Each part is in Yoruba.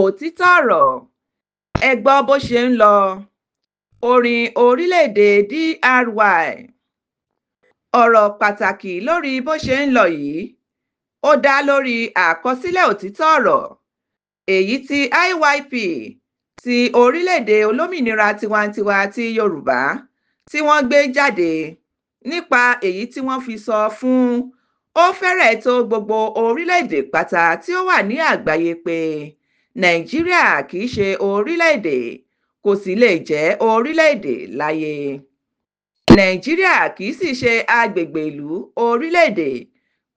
òtítọ́ ọ̀rọ̀ ẹ gbọ́ bó ṣe ń lọ orin orílẹ̀-èdè dry ọ̀rọ̀ pàtàkì lórí bó ṣe ń lọ yìí ó dá lórí àkọsílẹ̀ òtítọ́ ọ̀rọ̀ èyí tí IYP ti orílẹ̀-èdè olómìnira tiwantiwa ti Yorùbá tí wọ́n gbé jáde nípa èyí tí wọ́n fi sọ fún ó fẹ́rẹ̀ tó gbogbo orílẹ̀-èdè pátá tí ó wà ní àgbáyé pé nàìjíríà kì í ṣe orílẹ̀-èdè kò sì lè jẹ́ orílẹ̀-èdè láyé nàìjíríà kì í sì ṣe agbègbè ìlú orílẹ̀-èdè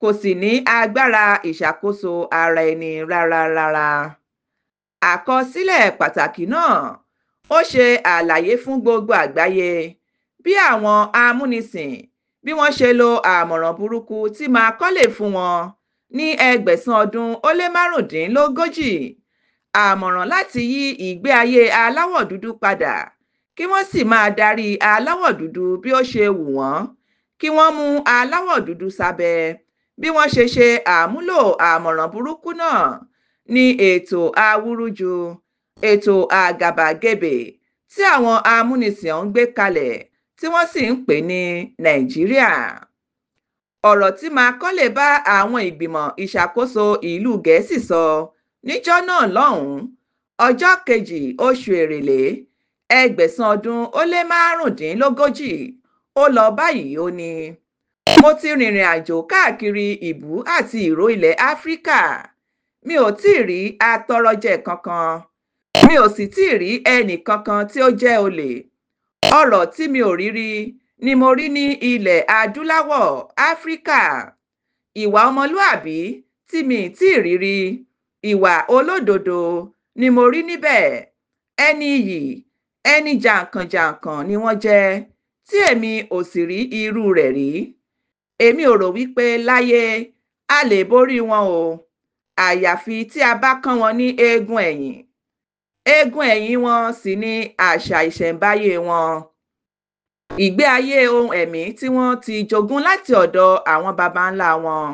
kò sì ní agbára ìṣàkóso ara ẹni rárá rárá àkọsílẹ̀ pàtàkì náà ó ṣe àlàyé fún gbogbo àgbáyé bí àwọn amúnisìn bí wọ́n ṣe lo àmọ̀ràn burúkú tí Macaulay fún wọn ní ẹgbẹ̀sán ọdún ó lé márùndínlógójì àmọ̀ràn láti yí ìgbé ayé aláwọ̀ dúdú padà kí wọ́n sì máa darí aláwọ̀ dúdú bí ó ṣe wù wọ́n kí wọ́n mú aláwọ̀ dúdú sábẹ́ bí wọ́n ṣe ṣe àmúlò àmọ̀ràn burúkú náà ní ètò awúrúju ètò àgàbàgebè tí àwọn amúnisìn ń gbé kalẹ̀ tí wọ́n sì ń pè ní nàìjíríà ọ̀rọ̀ tí Macaulay bá àwọn ìgbìmọ̀ ìṣàkóso ìlú gẹ̀ẹ́sì sọ so, níjọ́ náà lọ́hùn-ún ọjọ́ kejì oṣù èrèlé ẹgbẹ̀sán ọdún ó lé márùndínlógójì ó lọ báyìí ó ní mo ti rìnrìn àjò káàkiri ìbú àti ìró ilẹ̀ áfíríkà mi ò tí ì rí atọrọjẹ kankan mi ò sì tí ì rí ẹnì kankan tí ó jẹ́ olè ọ̀rọ̀ tí mi ò rí rí ni mo rí ní ilẹ̀ adúláwọ̀ áfíríkà ìwà ọmọlúàbí tí mi ì tí ì rí rí ìwà olódodo ni mo rí níbẹ̀ ẹni iyì ẹni jàǹkànjàǹkàn ni wọ́n jẹ́ tí èmi ò sì rí irú rẹ̀ rí èmi ò rò wípé láyé a lè borí wọn o àyàfi tí a bá kán wọn ní eegun ẹ̀yìn eegun ẹ̀yìn wọn sì ni àṣà ìṣẹ̀ǹbáyé wọn ìgbé ayé ohun ẹ̀mí tí wọ́n ti jogún láti ọ̀dọ̀ àwọn baba ńlá wọn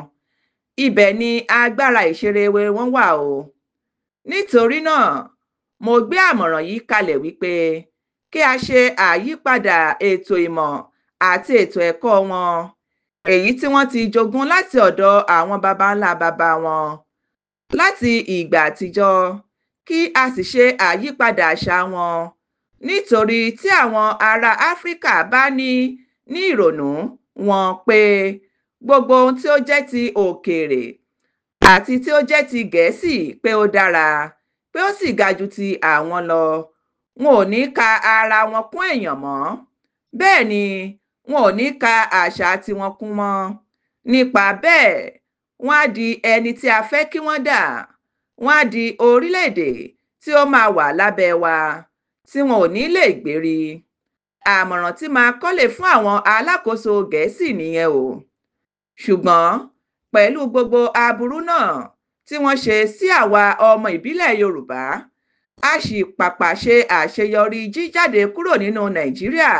ibẹ̀ ni agbára ìṣeré wọn wà o nítorí náà mo gbé àmọ̀ràn yìí kalẹ̀ wípé kí a ṣe àyípadà ètò ìmọ̀ àti ètò ẹ̀kọ́ wọn èyí tí wọ́n ti jogún láti ọ̀dọ̀ àwọn baba ńlá baba wọn láti ìgbà àtijọ́ kí a sì ṣe àyípadà àṣà wọn nítorí tí àwọn ará áfíríkà bá ní ní ìrònú wọn pé gbogbo ohun tí ó jẹ́ ti òkèèrè àti tí ó jẹ́ ti gẹ̀ẹ́sì pé ó dára pé ó sì ga ju ti àwọn lọ wọn ò ní ka ara wọn kún èèyàn mọ́ bẹ́ẹ̀ ni wọn ò ní ka àṣà tiwọn kún mọ́ nípa bẹ́ẹ̀ wọ́n á di ẹni tí a fẹ́ kí wọ́n dà wọ́n á di orílẹ̀-èdè tí ó máa wà lábẹ́ wa tí wọn ò ní lè gbérí àmọ̀ràn tí máa kọ́lé fún àwọn alákòóso gẹ̀ẹ́sì nìyẹn o ṣùgbọ́n pẹ̀lú gbogbo aburú náà tí wọ́n ṣe sí àwa ọmọ ìbílẹ̀ yorùbá a sì pàpà ṣe àṣeyọrí jíjáde kúrò nínú nàìjíríà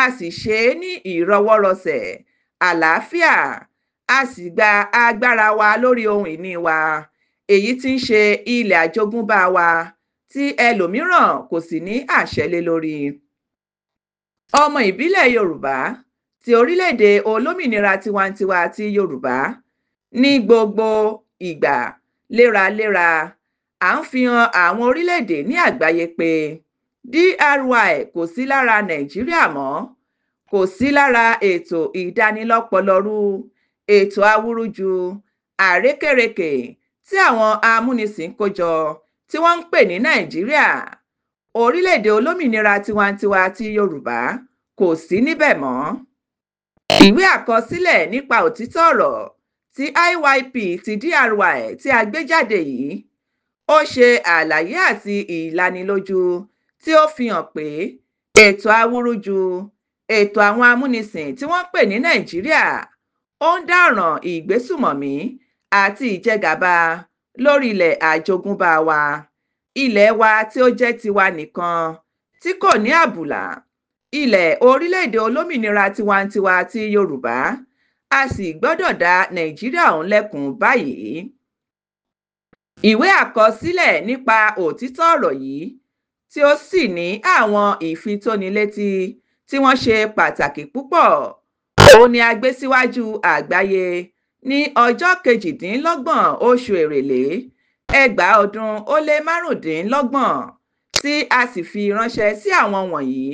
a sì ṣe é ní ìrọwọ́rọsẹ̀ àlàáfíà a sì gba agbára wa lórí ohun ìní wa èyí tí ń ṣe ilẹ̀ àjogúnbá wa tí ẹlòmíràn kò sì ní àṣẹ lé lórí ọmọ ìbílẹ̀ yorùbá ti orílẹ̀-èdè olómìnira tiwantiwa ti yorùbá ní gbogbo ìgbà léraléra à ń fihàn àwọn orílẹ̀-èdè ní àgbáyé pé DRY kò sí lára nàìjíríà mọ́ kò sí lára ètò ìdánilọ́pọlọrú ètò awúrúju àrékèrèkè tí àwọn amúnisìn kó jọ tí wọ́n ń pè ní nàìjíríà orílẹ̀-èdè olómìnira tiwantiwa ti yorùbá kò sí níbẹ̀ mọ́ ìwé àkọsílẹ̀ nípa òtítọ́ ọ̀rọ̀ ti iyp ti dry tí a gbé jáde yìí ó ṣe àlàyé àti ìlanilójú tí ó fi hàn pé ètò awúrúju ètò àwọn amúnisìn tí wọ́n ń pè ní nàìjíríà ó ń dáràn ìgbésùmọ̀mí àti ìjẹgàba lórí ilẹ̀ àjogúnbá wa ilé wa tí ó jẹ́ tiwa nìkan tí kò ní àbùlà ilẹ̀ orílẹ̀-èdè olómìnira tiwantiwa ti yorùbá a sì gbọ́dọ̀ dá nàìjíríà ọ̀hún lẹ́kùn báyìí ìwé àkọsílẹ̀ nípa òtítọ́ ọ̀rọ̀ yìí tí ó sì ní àwọn ìfitónilétí tí wọ́n ṣe pàtàkì púpọ̀ òun ni a gbé síwájú àgbáyé ní ọjọ́ kejìdínlọ́gbọ̀n oṣù èrèlé ẹgbàá ọdún ó lé márùndínlọ́gbọ̀n tí a sì fi ránṣẹ́ sí àwọn wọ̀nyí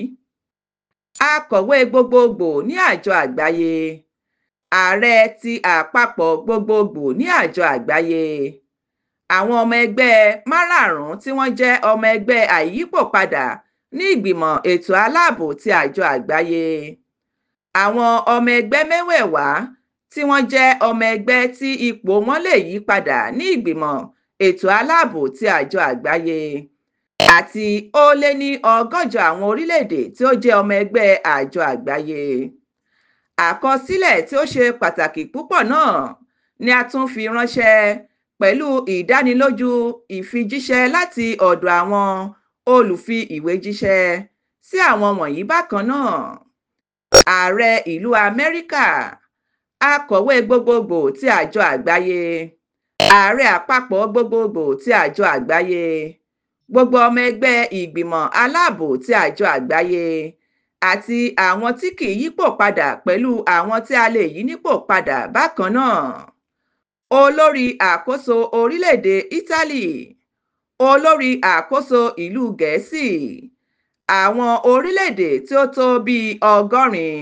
akọ̀wé gbogbogbò ní àjọ àgbáyé ààrẹ ti àpapọ̀ gbogbogbò ní àjọ àgbáyé àwọn ọmọ ẹgbẹ́ márààrún tí wọ́n jẹ́ ọmọ ẹgbẹ́ àìyípòpadà ní ìgbìmọ̀ ètò aláàbò ti àjọ àgbáyé àwọn ọmọ ẹgbẹ́ mẹ́wẹ̀ẹ̀wá tí wọ́n jẹ́ ọmọ ẹgbẹ́ tí ipò wọn lè yí padà ní ìgbìmọ̀ ètò aláàbò ti àjọ àgbáyé àti ó lé ní ọgọ́jọ àwọn orílẹ̀-èdè tí ó jẹ́ ọmọ ẹgbẹ́ àjọ àgbáyé. Àkọsílẹ̀ tí ó ṣe pàtàkì púpọ̀ náà ni a tún fi ránṣẹ́ pẹ̀lú ìdánilójú ìfijíṣẹ́ láti ọ̀dọ̀ àwọn olùfi ìwé jíṣẹ́ sí àwọn wọ̀nyí bákan náà: Ààrẹ ìlú Amẹ́ríkà, Akọ̀wé gbogbogbò ti àjọ àgbáyé, Ààrẹ àpapọ̀ gbogbogbò ti àjọ àgbáyé gbogbo ọmọ ẹgbẹ́ ìgbìmọ̀ aláàbò ti àjọ àgbáyé àti àwọn tí kì í yípò padà pẹ̀lú àwọn tí a lè yí nípò padà bákan náà olórí àkóso orílẹ̀-èdè italy olórí àkóso ìlú gẹ̀ẹ́sì àwọn orílẹ̀-èdè tí ó tó bíi ọgọ́rin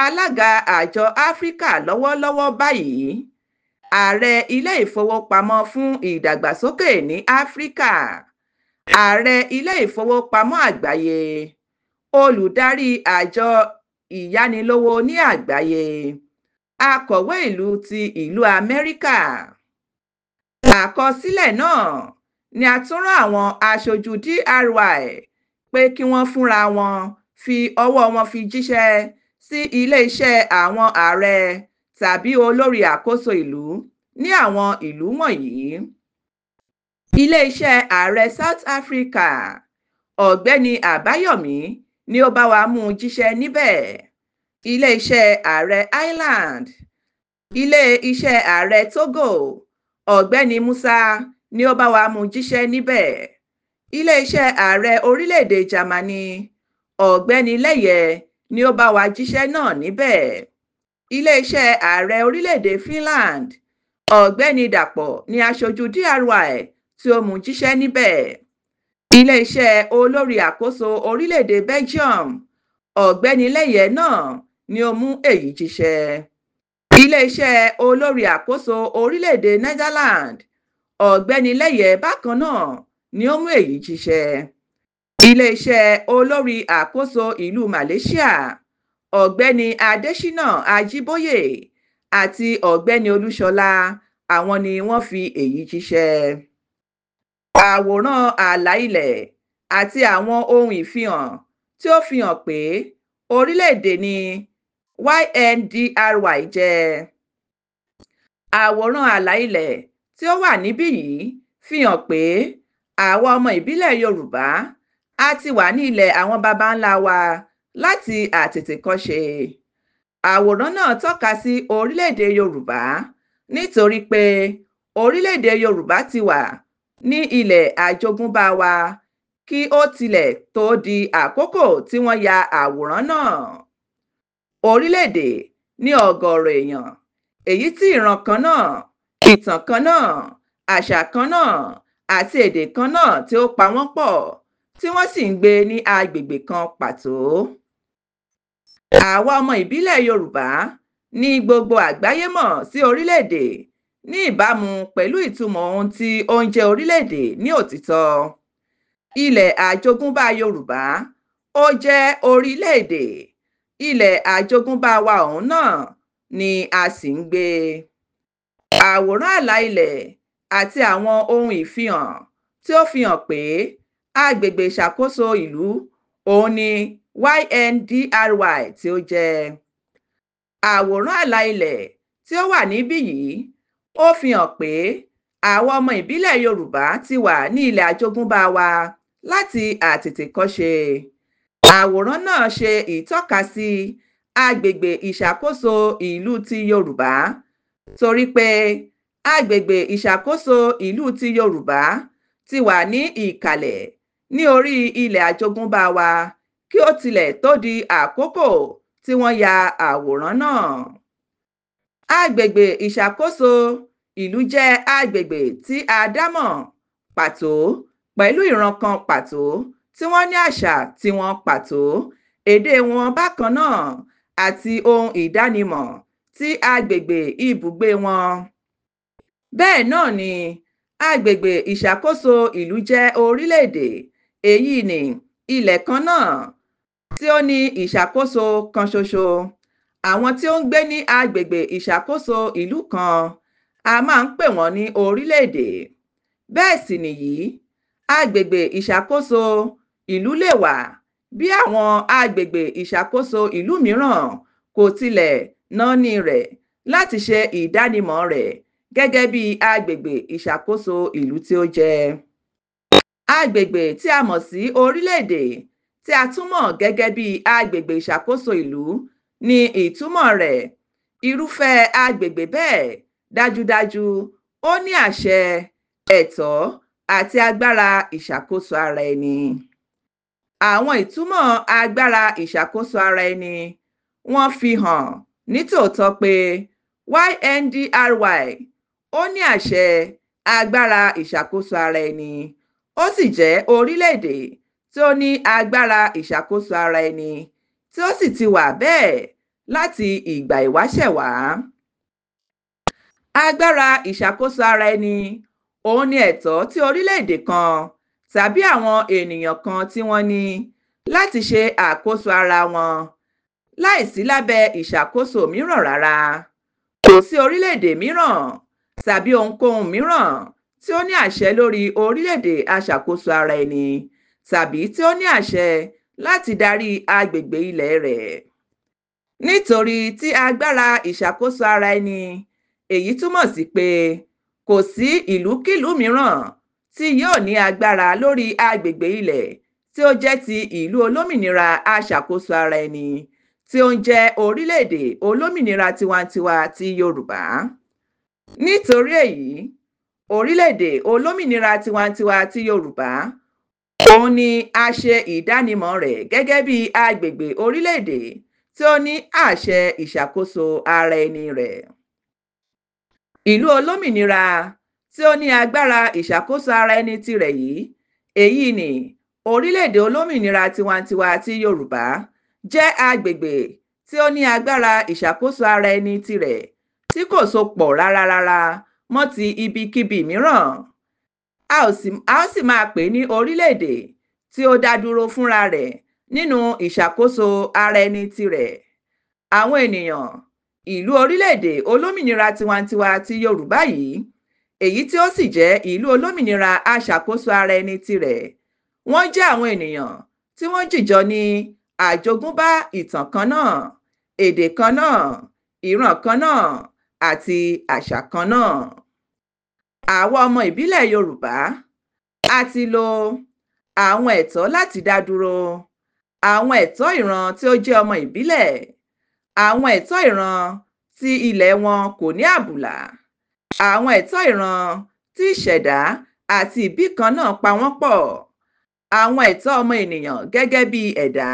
alága àjọ áfíríkà lọ́wọ́lọ́wọ́ báyìí ààrẹ ilé ìfowópamọ́ fún ìdàgbàsókè ní áfíríkà ààrẹ ilé-ìfowópamọ́ àgbáyé olùdarí àjọ ìyánilówó ní àgbáyé akọ̀wé ìlú ti ìlú amẹ́ríkà àkọsílẹ̀ náà ni a tún rán àwọn aṣojú dry pé kí wọ́n fúnra wọn fi ọwọ́ wọn fi jíṣẹ́ sí iléeṣẹ́ àwọn ààrẹ tàbí olórí àkóso ìlú ní àwọn ìlú wọ̀nyí iléeṣẹ́ ààrẹ south africa ọ̀gbẹ́ni àbáyọ̀mí ni ó bá wa mú un jíṣẹ́ níbẹ̀ iléeṣẹ́ ààrẹ ireland ilé-iṣẹ́ ààrẹ togo ọ̀gbẹ́ni musa ni ó bá wa mú un jíṣẹ́ níbẹ̀ iléeṣẹ́ ààrẹ orílẹ̀ germany ọ̀gbẹ́ni lẹ́yẹ ni ó bá wa jíṣẹ́ náà níbẹ̀ iléeṣẹ́ ààrẹ orílẹ̀ finland ọ̀gbẹ́ni dàpọ̀ ni aṣojú dry tí ó mú jíṣẹ́ níbẹ̀. iléeṣẹ́ olórí àkóso orílẹ̀-èdè Belgium ọ̀gbẹ́ni lẹ́yẹ náà ni ó mú èyí jíṣẹ́. iléeṣẹ́ olórí àkóso orílẹ̀-èdè Netherlands ọ̀gbẹ́ni lẹ́yẹ bákan náà ni ó mú èyí jíṣẹ́. iléeṣẹ́ olórí àkóso ìlú Malaysia ọ̀gbẹ́ni Adésínà Ajíbóyè àti ọ̀gbẹ́ni Olúṣọlá àwọn ni wọ́n fi èyí jíṣẹ́ àwòrán ààlà ilẹ̀ àti àwọn ohun ìfihàn tí ó fi hàn pé orílẹ̀-èdè ní yndry jẹ́. Àwòrán ààlà ilẹ̀ tí ó wà níbí yìí fi hàn pé àwa ọmọ ìbílẹ̀ Yorùbá a ti wà ní ilẹ̀ àwọn baba ńlá wa láti àtètèkọ́ṣe. Àwòrán náà tọ́ka sí orílẹ̀-èdè Yorùbá nítorí pé orílẹ̀-èdè Yorùbá ti wà ní ilẹ̀ àjogúnbá wa kí ó tilẹ̀ tó di àkókò tí wọ́n ya àwòrán náà. orílẹ̀-èdè ní ọ̀gọ̀ọ̀rọ̀ èèyàn èyí tí ìran kan náà ìtàn kan náà àṣà kan náà àti èdè kan náà tí ó pa wọ́n pọ̀ tí wọ́n sì ń gbé ní agbègbè kan pàtó. àwa ọmọ ìbílẹ̀ Yorùbá ní gbogbo àgbáyé mọ̀ sí orílẹ̀-èdè ní ìbámu pẹ̀lú ìtumọ̀ ohun tí ó ń jẹ́ orílẹ̀-èdè ní òtítọ́ ilẹ̀ àjogúnbá yorùbá ó jẹ́ orílẹ̀-èdè ilẹ̀ àjogúnbá wa òun náà ni a sì ń gbé àwòrán àlà ilẹ̀ àti àwọn ohun ìfihàn tí ó fi hàn pé agbègbè ìṣàkóso ìlú òun ni yndry tí ó jẹ́ àwòrán àlà ilẹ̀ tí ó wà níbí yìí ó fi hàn pé àwọn ọmọ ìbílẹ̀ yorùbá ti wà ní ilẹ̀ àjogúnbá wa láti àtètèkọ́ṣe àwòrán náà ṣe ìtọ́ka sí agbègbè ìṣàkóso ìlú ti yorùbá torí pé agbègbè ìṣàkóso ìlú ti yorùbá ti wà ní ìkàlẹ̀ ní orí ilẹ̀ àjogúnbá wa kí ó tilẹ̀ tó di àkókò tí wọ́n ya àwòrán náà. Agbègbè ìṣàkóso ìlú jẹ́ agbègbè tí a dámọ̀ pàtó pẹ̀lú ìran kan pàtó tí wọ́n ní àṣà tiwọn pàtó, èdè wọn bákan náà àti ohun ìdánimọ̀ ti agbègbè ibùgbé wọn. Bẹ́ẹ̀ náà ni agbègbè ìṣàkóso ìlú jẹ́ orílẹ̀-èdè èyí ni ilẹ̀ kan náà tí ó ní ìṣàkóso kan ṣoṣo àwọn tí ó ń gbé ní agbègbè ìṣàkóso ìlú kan a máa ń pè wọ́n ní orílẹ̀-èdè bẹ́ẹ̀ sì nìyí agbègbè ìṣàkóso ìlú lè wà bí àwọn agbègbè ìṣàkóso ìlú mìíràn kò tilẹ̀ náání rẹ̀ láti ṣe ìdánimọ̀ rẹ̀ gẹ́gẹ́ bí agbègbè ìṣàkóso ìlú tí ó jẹ́ agbègbè tí a mọ̀ sí orílẹ̀-èdè tí a tún mọ̀ gẹ́gẹ́ bí agbègbè ìṣàkóso ìlú Ni ìtumọ̀ rẹ̀ irúfẹ́ àgbègbè bẹ́ẹ̀ dájúdájú ó ní àṣẹ ẹ̀tọ́ àti agbára ìṣàkóso ara ẹni. Àwọn ìtumọ̀ agbára ìṣàkóso ara ẹni wọ́n fi hàn nítòótọ́ pé YNDRY ó ní àṣẹ agbára ìṣàkóso ara ẹni ó sì jẹ́ orílẹ̀-èdè tí ó ní agbára ìṣàkóso ara ẹni tí ó sì ti wà bẹ́ẹ̀ láti ìgbà ìwáṣẹ̀ wá. agbára ìṣàkóso ara ẹni òun ni ẹ̀tọ́ tí orílẹ̀-èdè kan tàbí àwọn ènìyàn kan tí wọ́n ní láti ṣe àkóso ara wọn láìsí lábẹ́ ìṣàkóso mìíràn rárá kò sí orílẹ̀-èdè mìíràn tàbí ohunkóhun mìíràn tí ó ní àṣẹ lórí orílẹ̀-èdè aṣàkóso ara ẹni tàbí tí ó ní àṣẹ láti darí agbègbè ilẹ̀ rẹ̀ nítorí tí agbára ìṣàkóso ara ẹni èyí túmọ̀ sí pé kò sí ìlúkílùú mìíràn tí yóò ní agbára lórí agbègbè ilẹ̀ tí ó jẹ́ ti ìlú olómìnira aṣàkóso ara ẹni tí ó ń jẹ́ orílẹ̀-èdè olómìnira tiwantiwa ti Yorùbá. Nítorí èyí orílẹ̀-èdè olómìnira tiwantiwa ti Yorùbá òun ni a ṣe ìdánimọ̀ rẹ̀ gẹ́gẹ́ bí agbègbè orílẹ̀-èdè tí ó ní àṣẹ ìṣàkóso ara ẹni rẹ̀. ìlú olómìnira tí ó ní agbára ìṣàkóso ara ẹni tirẹ̀ yìí èyí ni orílẹ̀-èdè olómìnira tiwantiwa ti Yorùbá jẹ́ agbègbè tí ó ní agbára ìṣàkóso ara ẹni tirẹ̀ tí kò so pọ̀ rárárárá mọ́ ti ibikíbi mìíràn a ó sì máa pè ní orílẹ̀-èdè tí ó dá dúró fúnra rẹ̀ nínú ìṣàkóso ara ẹni tirẹ̀ àwọn ènìyàn ìlú orílẹ̀-èdè olómìnira tiwantiwa ti yorùbá yìí èyí tí ó sì jẹ́ ìlú olómìnira aṣàkóso ara ẹni tirẹ̀ wọ́n jẹ́ àwọn ènìyàn tí wọ́n jìjọ ní àjogúnbá ìtàn kan náà èdè kan náà ìran kan náà àti àṣà kan náà. àwa ọmọ ìbílẹ̀ yorùbá a ti lo àwọn ẹ̀tọ́ láti dá dúró àwọn ẹ̀tọ́ ìran tí ó jẹ́ ọmọ ìbílẹ̀ àwọn ẹ̀tọ́ ìran tí ilẹ̀ wọn kò ní àbùlà àwọn ẹ̀tọ́ ìran tí ìṣẹ̀dá àti ìbí kan náà pa wọ́n pọ̀ àwọn ẹ̀tọ́ ọmọ ènìyàn gẹ́gẹ́ bí ẹ̀dá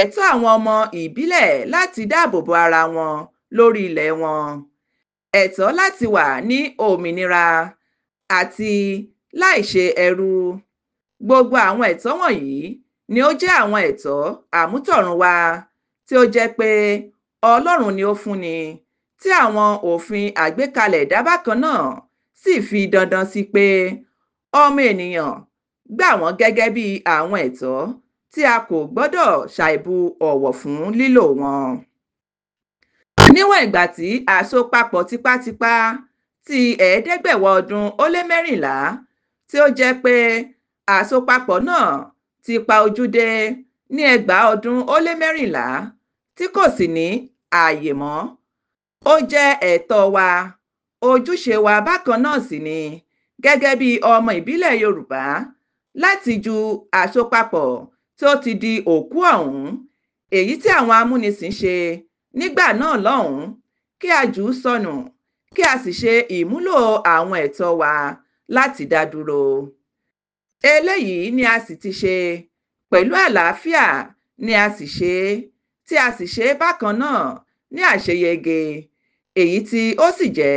ẹ̀tọ́ àwọn ọmọ ìbílẹ̀ láti dáàbò bo ara wọn lórí ilẹ̀ wọn ẹ̀tọ́ láti wà ní òmìnira àti láìṣe ẹrú gbogbo àwọn ẹ̀tọ́ wọ̀nyí ni ó jẹ́ àwọn ẹ̀tọ́ àmútọ̀run wa tí ó jẹ́ pé Ọlọ́run ni ó fúnni tí àwọn òfin àgbékalẹ̀ ẹ̀dá bákan náà sì fi dandan sí pé ọmọ ènìyàn gbà wọ́n gẹ́gẹ́ bí àwọn ẹ̀tọ́ tí a kò gbọ́dọ̀ ṣàìbu ọ̀wọ̀ fún lílò wọn. níwọ̀n ìgbà tí àsopapọ̀ tipátipá ti ẹ̀ẹ́dẹ́gbẹ̀wá ọdún ó lé mẹ́rìnlá tí ó jẹ́ pé àsopapọ̀ náà ti pa ojú dé ní ẹgbàá ọdún ó lé mẹ́rìnlá tí kò sì ní ààyè mọ́ ó jẹ́ ẹ̀tọ́ wa ojúṣe wa bákan náà sì ni gẹ́gẹ́ bí ọmọ ìbílẹ̀ yorùbá láti ju àsopapọ̀ tí ó ti di òkú ọ̀hún èyí tí àwọn amúnisìn ṣe nígbà náà lọ́hùn-ún kí a jù ú sọnù kí a sì ṣe ìmúlò àwọn ẹ̀tọ́ wa láti dá dúró eléyìí ni a sì ti ṣe pẹ̀lú àlàáfíà ni a sì ṣe é tí a sì ṣe é bákan náà ní àṣeyege èyí tí ó sì jẹ́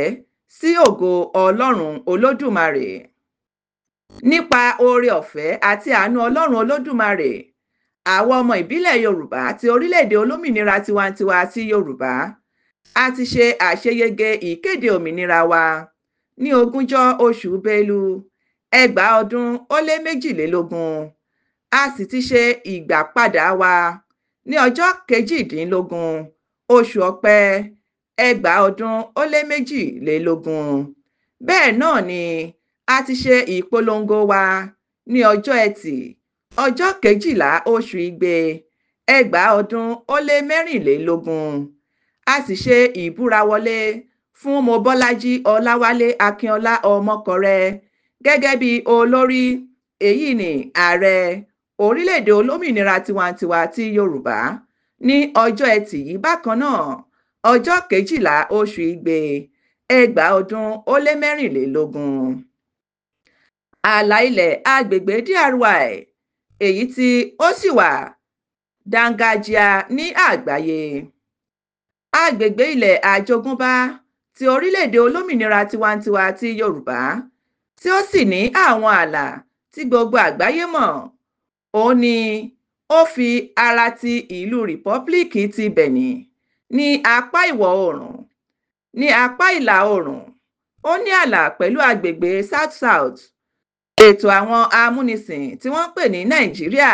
sí ògo ọlọ́run olódùmarè nípa oore ọ̀fẹ́ àti àánú ọlọ́run olódùmarè àwọn ọmọ ìbílẹ̀ yorùbá ti orílẹ̀-èdè olómìnira tiwantiwa ti yorùbá a ti ṣe àṣeyege ìkéde òmìnira wa ní ogúnjọ́ oṣù belu ẹgbàá ọdún ó lé méjìlélógún a sì ti ṣe ìgbàpadà wa ní ọjọ́ kejìdínlógún oṣù ọ̀pẹ ẹgbàá ọdún ó lé méjìlélógún bẹ́ẹ̀ náà ni a ti ṣe ìpolongo wa ní ọjọ́ ẹtì ọjọ́ kejìlá oṣù igbe ẹgbàá ọdún ó lé mẹ́rìnlélógún a sì ṣe ìbúra wọlé fún mobọ́lájí ọláwálé akínọlá ọmọkọrẹ gẹ́gẹ́ bí olórí èyí ni ààrẹ orílẹ̀-èdè olómìnira tiwantiwa ti yorùbá ní ọjọ́ ẹtì yìí bákan náà ọjọ́ kejìlá oṣù igbe ẹgbàá ọdún ó lé mẹ́rìnlélógún ààlà ilẹ̀ agbègbè dry èyí tí ó sì wà dángájíá ní àgbáyé agbègbè ilẹ̀ àjogúnbá ti orílẹ̀-èdè olómìnira tiwantiwa ti yorùbá tí ó sì ní àwọn ààlà tí gbogbo àgbáyé mọ̀ òun ni ó fi ara ti ìlú rìpọ́bílíìkì ti benin ní apá ìwọ̀ oòrùn ní apá ìlà oòrùn ó ní ààlà pẹ̀lú agbègbè south south ètò àwọn amúnisìn tí wọ́n ń pè ní nàìjíríà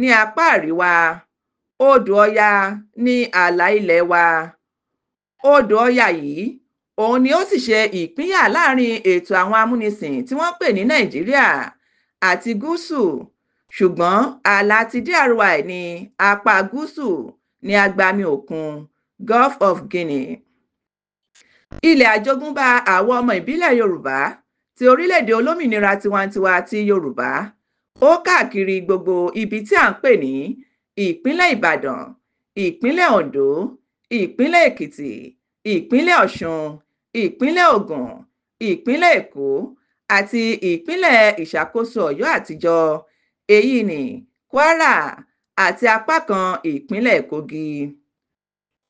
ní apá àríwá odò ọya ní ààlà ilẹ̀ wa odò ọya yìí òun ni ó sì ṣe ìpínyà láàrin ètò àwọn amúnisìn tí wọ́n pè ní nàìjíríà àti gúúsù ṣùgbọ́n ààlà ti dry ní apá gúúsù ní agbami òkun Gulf of Guinea ilẹ̀ àjogúnbá àwọn ọmọ ìbílẹ̀ yorùbá ti orílẹ̀-èdè olómìnira tiwantiwa ti yorùbá ó káàkiri gbogbo ibi tí à ń pè ní ìpínlẹ̀ ìbàdàn ìpínlẹ̀ ondo ìpínlẹ̀ èkìtì ìpínlẹ̀ ọ̀ṣun ìpínlẹ̀ Ògùn ìpínlẹ̀ Èkó àti ìpínlẹ̀ ìṣàkóso Ọ̀yọ́ àtijọ́ èyí ní Kwara àti apá kan ìpínlẹ̀ Kogi.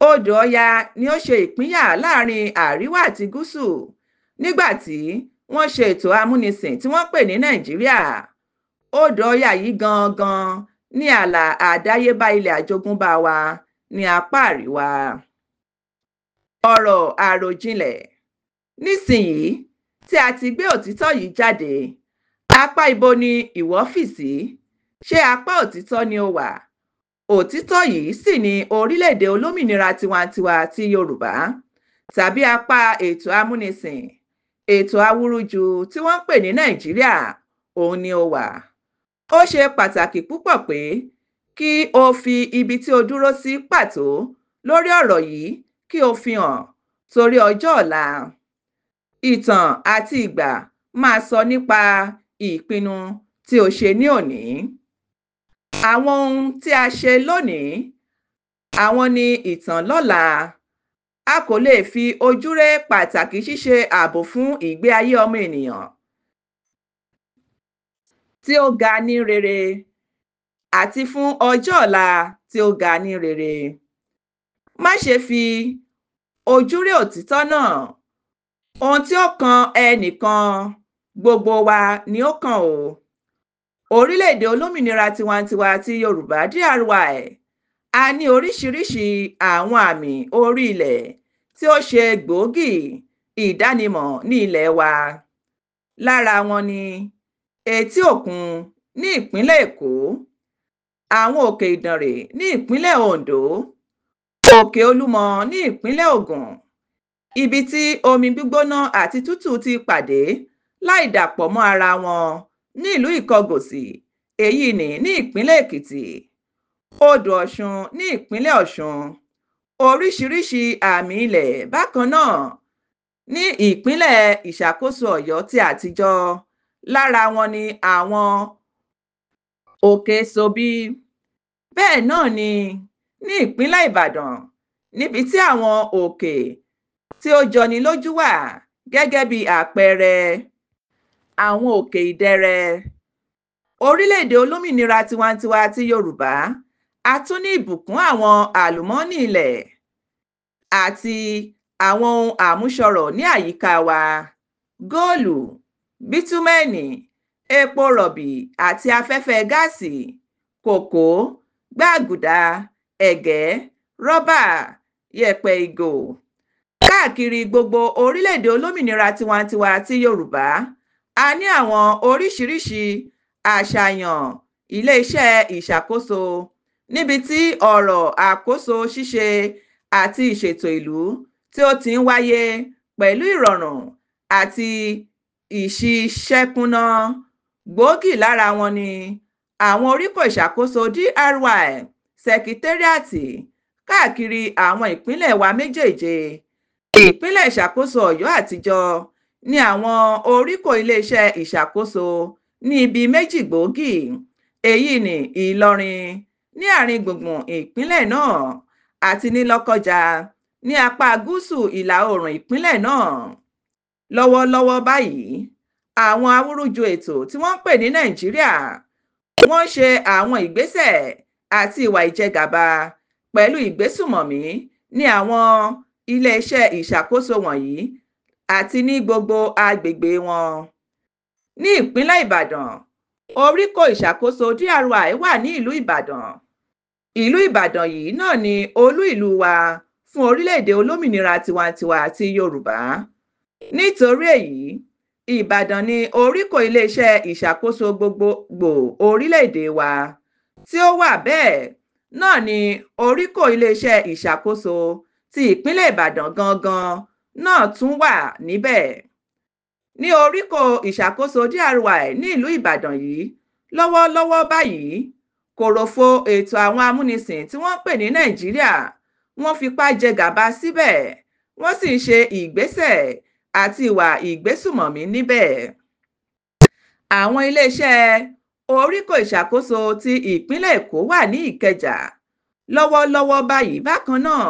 Odò Ọya ni ó ṣe ìpínyà láàrin àríwá àti gúúsù nígbà tí wọ́n ṣe ètò amúnisìn tí wọ́n pè ní Nàìjíríà. Odò Ọya yìí gangan ní ààlà àdáyébá ilẹ̀ àjogúnbá wa ní apá àríwá. Ọ̀rọ̀ àròjinlẹ̀ nísìnyìí tí a ti gbé òtítọ́ yìí jáde apá ibo ni ìwọ fì sí ṣé apá òtítọ́ ni ó wà òtítọ́ yìí sì ni orílẹ̀-èdè olómìnira tiwantiwa ti yorùbá tàbí apá ètò amúnisìn ètò awúrúju tí wọ́n ń pè ní nàìjíríà òun ni ó wà ó ṣe pàtàkì púpọ̀ pé kí o fi ibi tí o dúró sí pàtó lórí ọ̀rọ̀ yìí kí o fi hàn torí ọjọ́ ọ̀la ìtàn àti ìgbà máa sọ nípa ìpinnu tí o ṣe ní òní. Àwọn ohun tí a ṣe lónìí, àwọn ni ìtàn lọ́la. A kò lè fi ojú ré pàtàkì ṣíṣe ààbò fún ìgbé ayé ọmọ ènìyàn tí ó ga ní rere àti fún ọjọ́ ọ̀la tí ó ga ní rere. Má ṣe fi ojú òtítọ́ náà ohun tí ó kan ẹnìkan gbogbo wa ni ó kàn ó orílẹ̀-èdè olómìnira tiwantiwa ti yorùbá dry a ní oríṣiríṣi àwọn àmì orí ilẹ̀ tí ó ṣe gbòógì ìdánimọ̀ ní ilẹ̀ wa lára wọn ni etí òkun ní ìpínlẹ̀ èkó àwọn òkè ìdànrè ní ìpínlẹ̀ ondo òkè olúmọ ní ìpínlẹ̀ ògùn ibi tí omi gbígbóná àti tútù ti pàdé láì dàpọ̀ mọ́ ara wọn nílùú ìkọgòsì èyí ní ní ìpínlẹ̀ èkìtì odò ọ̀ṣun ní ìpínlẹ̀ ọ̀ṣun oríṣiríṣi àmì ilẹ̀ bákan náà ní ìpínlẹ̀ ìṣàkóso ọ̀yọ́ ti àtijọ́ lára wọn ni àwọn òkè sobi bẹ́ẹ̀ náà ni ní ìpínlẹ̀ ìbàdàn níbi tí àwọn òkè tí ó jọni lójú wà gẹ́gẹ́ bí àpẹẹrẹ àwọn òkè ìdẹrẹ. Orílẹ̀-èdè olómìnira tiwantiwa ti Yorùbá a tún ní ìbùkún àwọn àlùmọ́nì ilẹ̀ àti àwọn ohun àmúṣọrọ̀ ní àyíká wa. Góòlù, bítúmẹ̀nì, epo rọ̀bì àti afẹ́fẹ́ gáàsì, kòkó, gbàgùdà, ẹ̀gẹ́, rọ́bà, yẹ̀pẹ̀ ìgò. Káàkiri gbogbo orílẹ̀-èdè olómìnira tiwantiwa ti Yorùbá, a ní àwọn oríṣiríṣi àṣàyàn ilé-iṣẹ́ ìṣàkóso, níbi tí ọ̀rọ̀ àkóso ṣíṣe àti ìṣètò ìlú tí ó ti ń wáyé pẹ̀lú ìrọ̀rùn àti ìṣiṣẹ́kúnnà. Gbòógì lára wọn ni àwọn oríkò ìṣàkóso DRY Sẹkitériátì káàkiri àwọn ìpínlẹ̀ wa méjèèje ìpínlẹ̀ ìṣàkóso ọ̀yọ́ àtijọ́ ní àwọn oríkò iléeṣẹ́ ìṣàkóso ní ibi méjì gbòógì èyí ní ìlọrin ní àárín gbùngbùn ìpínlẹ̀ náà àti ní lọ́kọ́jà ní apá gúúsù ìlà oòrùn ìpínlẹ̀ náà lọ́wọ́lọ́wọ́ báyìí àwọn awúrúju ètò tí wọ́n ń pè ní nàìjíríà wọ́n ṣe àwọn ìgbésẹ̀ àti ìwà ìjẹgàba pẹ̀lú ìgbésùmọ̀mí ní àwọn iléeṣẹ́ ìṣàkóso wọ̀nyí àti ní gbogbo agbègbè wọn. ní ìpínlẹ̀ ìbàdàn oríkò ìṣàkóso dri wà ní ìlú ìbàdàn ìlú ìbàdàn yìí náà ni olú ìlú wa fún orílẹ̀-èdè olómìnira tiwantiwa ti yorùbá nítorí èyí ìbàdàn ni oríkò iléeṣẹ́ ìṣàkóso gbogbogbò orílẹ̀-èdè wa tí ó wà bẹ́ẹ̀ náà ni oríkò iléeṣẹ́ ìṣàkóso ti ìpínlẹ̀ ìbàdàn gangan náà tún wà níbẹ̀ ní oríkò ìṣàkóso dry ní ìlú ìbàdàn yìí lọ́wọ́lọ́wọ́ báyìí kòròfo ètò àwọn amúnisìn tí wọ́n ń pè ní nàìjíríà wọ́n fipá jẹ gàba síbẹ̀ wọ́n sì ń ṣe ìgbésẹ̀ àti ìwà ìgbésùmọ̀mí níbẹ̀ àwọn iléeṣẹ́ oríkò ìṣàkóso ti ìpínlẹ̀ èkó wà ní ìkẹjà lọ́wọ́lọ́wọ́ báyìí bákan náà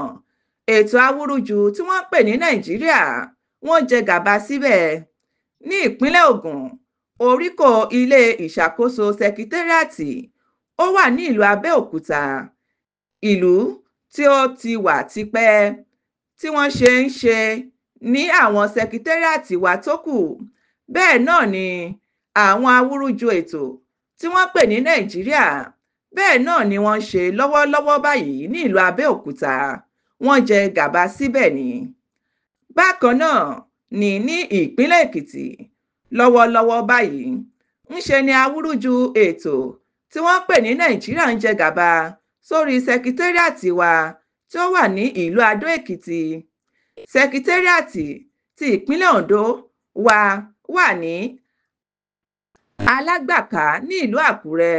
ètò awúrúju tí wọ́n ń pè ní nàìjíríà wọ́n jẹ gàba síbẹ̀ ní ìpínlẹ̀ ògùn oríkò ilé ìṣàkóso sekitérìàtì ó wà ní ìlú abẹ́òkúta ìlú tí ó ti wà tipẹ́ tí wọ́n ṣe ń ṣe ní àwọn sekitérìàtì wa tó kù bẹ́ẹ̀ náà ni àwọn awúrúju ètò tí wọ́n pè ní nàìjíríà bẹ́ẹ̀ náà ni wọ́n ń ṣe lọ́wọ́lọ́wọ́ báyìí ní ìlú abẹ́òkúta wọ́n jẹ gàba síbẹ̀ ni. bákan náà ní ní ìpínlẹ̀ èkìtì lọ́wọ́lọ́wọ́ báyìí ńṣe ni awúrúju ètò tí wọ́n pè ní nàìjíríà ń jẹ gàba sórí sẹkítẹ́rìàtì wa tí ó wà ní ìlú adó èkìtì sẹkítẹ́rìàtì ti ìpínlẹ̀ ondo wa wà ní alágbàká ní ìlú àkúrẹ́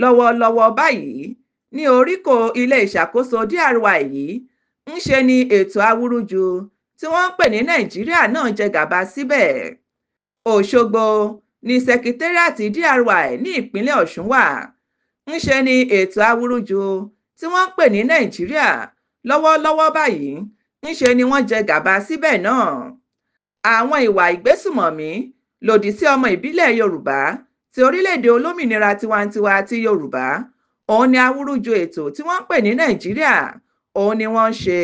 lọ́wọ́lọ́wọ́ báyìí ní oríkò ilé ìṣàkóso dry yìí ńṣe ni ètò awúrúju tí wọ́n ń pè ní nàìjíríà náà jẹ gàba síbẹ̀ òṣogbo ní sekitérààtì dry ní ìpínlẹ̀ ọ̀ṣun wà ńṣe ni ètò awúrúju tí wọ́n ń pè ní nàìjíríà lọ́wọ́lọ́wọ́ báyìí ńṣe ni wọ́n jẹ gàba síbẹ̀ náà àwọn ìwà ìgbésùmọ̀mí lòdì sí ọmọ ìbílẹ̀ yorùbá ti orílẹ̀-èdè olómìnira tiwantiwa ti yorùbá òun ni awúrúju ètò tí wọ́n ń pè ní nàìjíríà òun ni wọ́n ń ṣe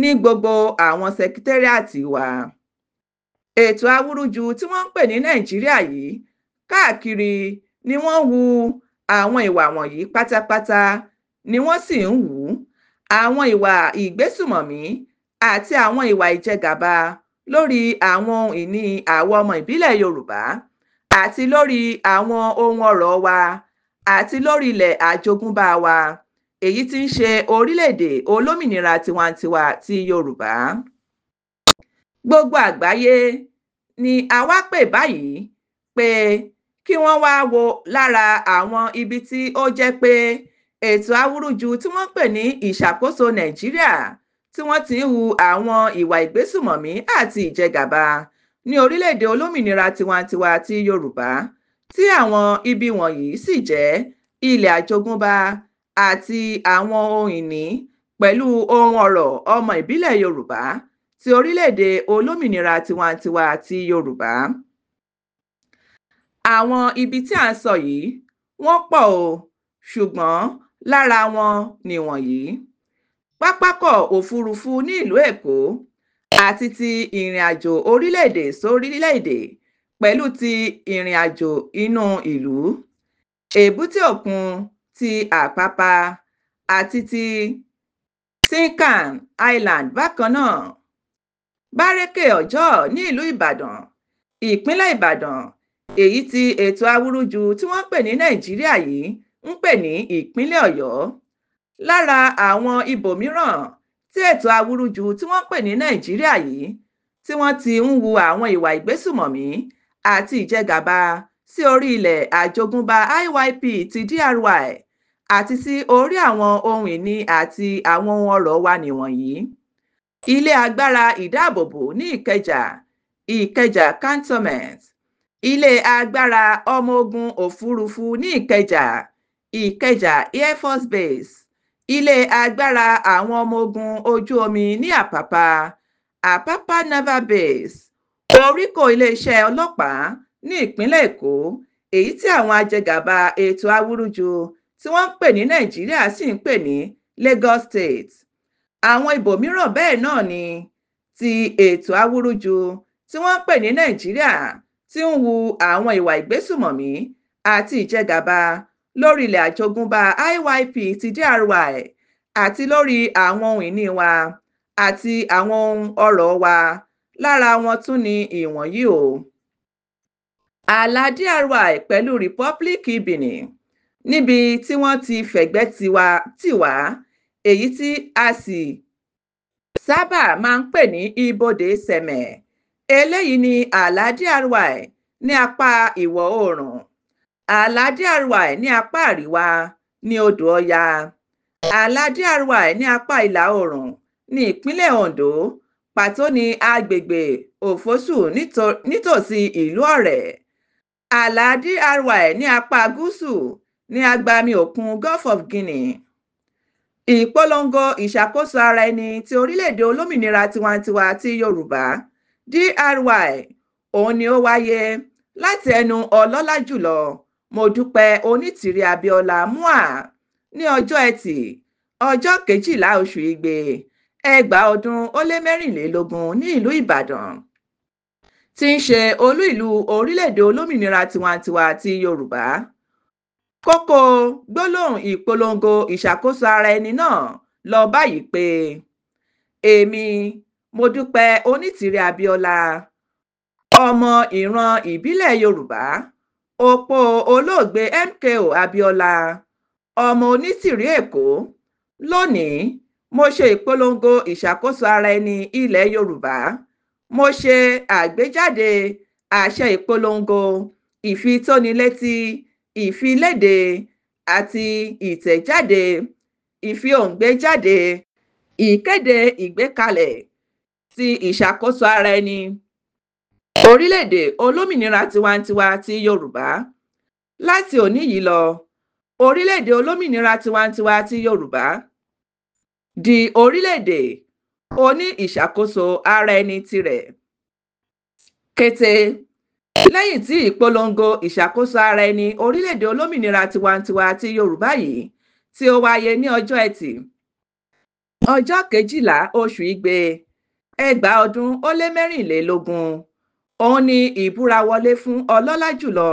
ní gbogbo àwọn sẹkítẹ́rìàtì wa ètò awúrúju tí wọ́n ń pè ní nàìjíríà yìí káàkiri ni wọ́n wu àwọn ìwà wọ̀nyí pátápátá ni wọ́n sì ń wù ú àwọn ìwà ìgbésùmọ̀mí àti àwọn ìwà ìjẹgàba lórí àwọn ohun ìní àwọn ọmọ ìbílẹ̀ yorùbá àti lórí àwọn ohun ọrọ̀ wa àti lórí ilẹ̀ àjogúnbá wa èyí tí ń ṣe orílẹ̀-èdè olómìnira tiwantiwa ti yorùbá gbogbo àgbáyé ni a wá pè báyìí pé kí wọ́n wá wo lára àwọn ibi tí ó jẹ́ pé ètò awúrúju tí wọ́n pè ní ìṣàkóso nàìjíríà tí wọ́n ti ń hu àwọn ìwà ìgbésùmọ̀mí àti ìjẹgàba ní orílẹ̀-èdè olómìnira tiwantiwa ti yorùbá tí àwọn ibi wọ̀nyí sì jẹ́ ilẹ̀ àjogúnbá àti àwọn ohun ìní pẹ̀lú ohun ọ̀rọ̀ ọmọ ìbílẹ̀ Yorùbá ti orílẹ̀-èdè olómìnira tiwantiwa ti Yorùbá. Àwọn ibi tí à ń sọ yìí wọ́n pọ̀ o ṣùgbọ́n lára wọn nìwọ̀nyí: pápákọ̀ òfurufú ní ìlú Èkó àti ti ìrìnàjò orílẹ̀-èdè sórílẹ̀-èdè pẹ̀lú ti ìrìnàjò inú ìlú, èbúté òkun ti àpápá àti ti tincan island bákan náà bárẹ́kè ọjọ́ ní ìlú ìbàdàn ìpínlẹ̀ ìbàdàn èyí tí ètò awúrúju tí wọ́n ń pè ní nàìjíríà yìí ń pè ní ìpínlẹ̀ ọ̀yọ́ lára àwọn ibòmíràn tí ètò awúrúju tí wọ́n ń pè ní nàìjíríà yìí tí wọ́n ti ń wu àwọn ìwà ìgbésùmọ̀mí àti ìjẹgàba sí orí ilẹ̀ àjogúnbá IYP ti DRY àti sí orí àwọn ohun ìní àti àwọn ohun ọrọ̀ wa nìwọ̀nyí. Ilé agbára ìdáàbòbò ní Ìkẹjà, Ìkẹjà Cantonment. Ilé agbára ọmọ ogun òfurufú ní Ìkẹjà, Ìkẹjà Air Force Base. Ilé agbára àwọn ọmọ ogun ojú omi ní Àpápá, Àpápá Naval Base. Oríkò iléeṣẹ́ ọlọ́pàá ní ìpínlẹ̀ Èkó èyí tí àwọn ajẹgàba ètò awúrúju tí wọ́n ń pè ní nàìjíríà sì ń pè ní Lagos State àwọn ibòmíràn bẹ́ẹ̀ náà ni ti ètò awúrúju tí wọ́n ń pè ní nàìjíríà tí ń wu àwọn ìwà ìgbésùmọ̀mí àti ìjẹgàba lórí ilẹ̀ àjogúnbá IYP ti DRY àti lórí àwọn ohun ìní wa àti àwọn ohun ọrọ̀ wa lára wọn tún ni ìwọ̀nyí o ààlà DRY pẹ̀lú rìpọ́blíkì Benin níbi tí wọ́n ti fẹ̀gbẹ́ tì wá èyí tí a sì sábà máa ń pè ní ibodè sẹ̀mẹ̀ eléyìí ni ààlà DRY ní apá ìwọ̀ oòrùn ààlà DRY ní apá àríwá ní odò Ọya ààlà DRY ní apá ìlà oòrùn ní ìpínlẹ̀ Ondo pàtó ní agbègbè Òfosù nítòsí ìlú Ọ̀rẹ́ ààlà DRY ní apá gúúsù ní agbami òkun Gulf of Guinea ìpolongo ìṣàkóso ara ẹni ti orílẹ̀-èdè olómìnira tiwantiwa ti Yorùbá DRY òun ni ó wáyé láti ẹnu ọlọ́lá jùlọ Mọ́dúpẹ́ Onítìrí Abíọ́lá MOA ní ọjọ́ Ẹtì ọjọ́ kejìlá oṣù Igbe ẹgbàá ọdún ó lé mẹ́rìnlélógún ní ìlú Ìbàdàn tí ń ṣe olú ìlú orílẹ̀-èdè olómìnira tiwantiwa ti Yorùbá kókó gbólóhùn ìpolongo ìṣàkóso ara ẹni náà lọ báyìí pé èmi mọ́dúpẹ́ onítìrí abiola ọmọ ìran ìbílẹ̀ yorùbá opó olóògbé mko abiola ọmọ onítìrí èkó lónìí mo ṣe ìpolongo ìṣàkóso ara ẹni ilẹ̀ yorùbá mo ṣe àgbéjáde àṣẹ ìpolongo ìfitónilétí ìfiléde àti ìtẹ̀jáde ìfihòǹgbéjáde ìkéde ìgbékalẹ̀ ti ìṣàkóso ara ẹni orílẹ̀-èdè olómìnira tiwantiwa ti yorùbá láti òní yìí lọ orílẹ̀-èdè olómìnira tiwantiwa ti yorùbá di orílẹ̀-èdè oní ìṣàkóso ara ẹni tirẹ̀ kété lẹ́yìn tí ìpolongo ìṣàkóso ara ẹni orílẹ̀-èdè olómìnira tiwantiwa ti yorùbá yìí tí ó wáyé ní ọjọ́ ẹtì ọjọ́ kejìlá oṣù igbe ẹgbàá ọdún ó lé mẹ́rìnlélógún òun ni ìbúra wọlé fún ọlọ́lá jùlọ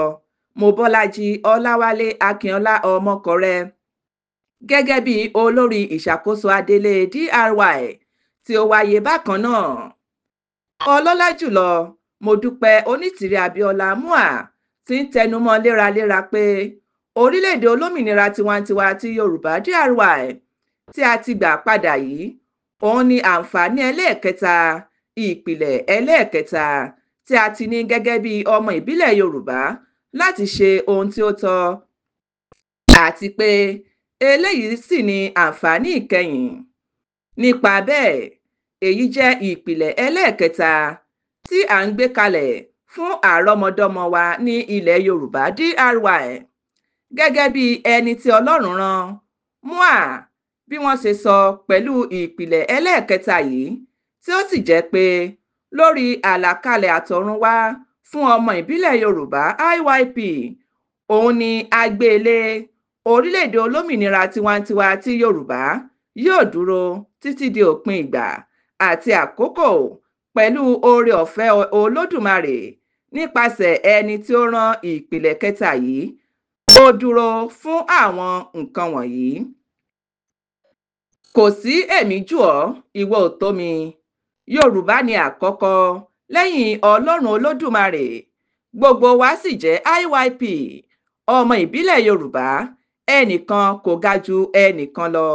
mobọ́lájí ọláwálé akínọlá ọmọkọrẹ gẹ́gẹ́ bí olórí ìṣàkóso adélé DRY tí ó wáyé bákan náà ọlọ́lá jùlọ mọ́dúpẹ́ onítìrí abíọ́lá mua ti ń tẹnumọ́ léraléra pé orílẹ̀-èdè olómìnira tiwantiwa ti yorùbá diy tí a ti gbà padà yìí òun ni àǹfààní ẹlẹ́ẹ̀kẹta ìpìlẹ̀ ẹlẹ́ẹ̀kẹta tí a ti ní gẹ́gẹ́ bí ọmọ ìbílẹ̀ yorùbá láti ṣe ohun tí ó tọ́ àti pé eléyìí sì ni àǹfààní ìkẹyìn nípa bẹ́ẹ̀ èyí jẹ́ ìpìlẹ̀ ẹlẹ́ẹ̀kẹta tí à ń gbé kalẹ̀ fún àrọ́mọdọ́mọ wa ní ilẹ̀ yorùbá DRY gẹ́gẹ́ bí ẹni tí ọlọ́run rán mua bí wọ́n ṣe sọ pẹ̀lú ìpìlẹ̀ ẹlẹ́ẹ̀kẹta yìí tí ó sì jẹ́ pé lórí àlàkalẹ̀ àtọ̀run wá fún ọmọ ìbílẹ̀ yorùbá IYP òun ni agbélé orílẹ̀-èdè olómìnira tiwantiwa ti yorùbá yóò dúró títí di òpin ìgbà àti àkókò pẹ̀lú oore ọ̀fẹ́ olódùmarè nípasẹ̀ ẹni tí ó rán ìpìlẹ̀ kẹta yìí ó dúró fún àwọn nǹkan wọ̀nyí. kò sí èmi jù ọ́ ìwọ ò tó mi yorùbá ni àkọ́kọ́ lẹ́yìn ọlọ́run olódùmarè gbogbo wa sì jẹ́ IYP ọmọ ìbílẹ̀ yorùbá ẹnìkan kò ga ju ẹnìkan lọ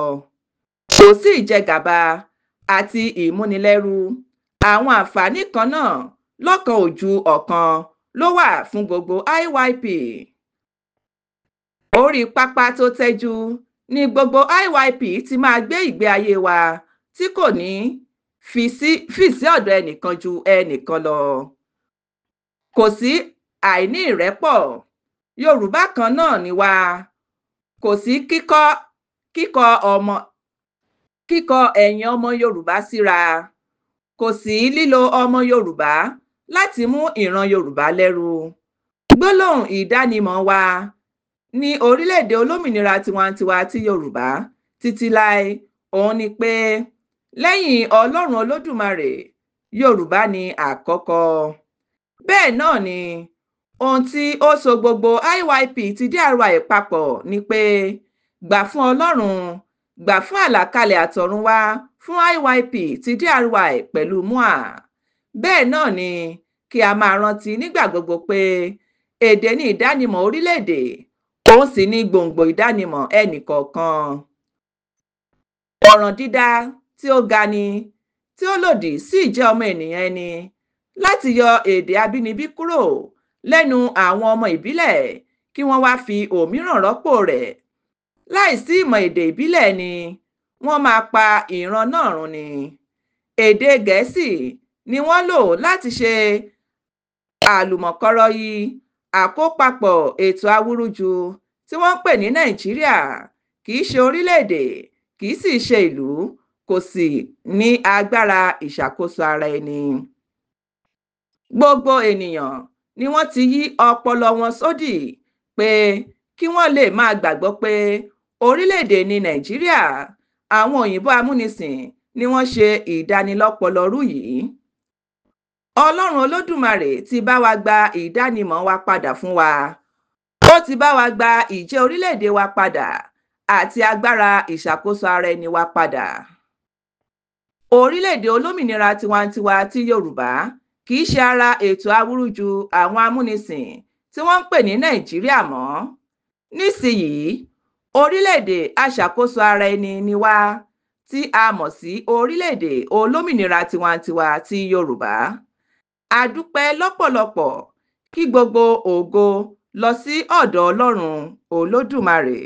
kò sí ìjẹgàba àti ìmúnilẹ́rú àwọn àǹfààní kan náà lọ́kan-ò-ju-ọ̀kan ló wà fún gbogbo IYP. orí pápá tó tẹ́jú ni gbogbo IYP ti máa gbé ìgbé ayé wa tí kò ní fi sí ọ̀dọ̀ ẹnìkan ju ẹnìkan lọ. kò sí àìní ìrẹ́pọ̀ Yorùbá kan náà ni wá kò sí kíkọ ẹ̀yìn ọmọ Yorùbá síra kò sí lílo ọmọ yorùbá láti mú ìran yorùbá lẹ́rú gbólóhùn ìdánimọ̀ wa ní orílẹ̀-èdè olómìnira tiwantiwa ti yorùbá títí láé òun ni pé lẹ́yìn ọlọ́run olódùmarè yorùbá ni àkọ́kọ́ bẹ́ẹ̀ náà ni ohun tí ó so gbogbo IYP ti DRY papọ̀ ni pé gbà fún ọlọ́run gbà fún àlàkalẹ̀ àtọ̀runwá fún iyp ti dry pẹ̀lú mua bẹ́ẹ̀ náà ni kí a máa rántí nígbà gbogbo pé èdè ni ìdánimọ̀ orílẹ̀-èdè òun sì ni gbòǹgbò ìdánimọ̀ ẹnìkọ̀ọ̀kan ọ̀ràn dídá tí ó ga ni tí ó lòdì sí ìjẹ́ ọmọ ènìyàn ẹni láti yọ èdè abínibí kúrò lẹ́nu àwọn ọmọ ìbílẹ̀ kí wọ́n wáá fi òmíràn rọ́pò rẹ̀ láìsí ìmọ̀ èdè ìbílẹ̀ ni wọ́n máa pa ìran náà run ni èdè gẹ̀ẹ́sì ni wọ́n lò láti ṣe àlùmọ̀kọ́rọ́yí àkópapọ̀ ètò awúrúju tí wọ́n pè ní nàìjíríà kì í ṣe orílẹ̀-èdè kì í sì ṣe ìlú kò sì ní agbára ìṣàkóso ara ẹni. gbogbo ènìyàn ni wọ́n ti yí ọpọlọ wọn sódì pé kí wọ́n lè máa gbàgbọ́ pé orílẹ̀-èdè ní nàìjíríà àwọn òyìnbó amúnisìn ni wọ́n ṣe ìdánilọ́pọlọrú yìí ọlọ́run olódùmarè ti bá wa gba ìdánimọ̀ wa padà fún wa ó ti bá wa gba ìjẹ́ orílẹ̀-èdè wa padà àti agbára ìṣàkóso ara ẹni wa padà orílẹ̀-èdè olómìnira tiwantiwa ti yorùbá kì í ṣe ara ètò awúrúju àwọn amúnisìn tí wọ́n ń pè ní nàìjíríà mọ́ nísìnyìí Orílẹ̀-èdè aṣàkóso ara ẹni ni wá tí a mọ̀ sí orílẹ̀-èdè olómìnira tiwantiwa ti Yorùbá. A dúpẹ́ lọ́pọ̀lọpọ̀, kí gbogbo ògo lọ sí ọ̀dọ̀ Ọlọ́run Olódùmarè.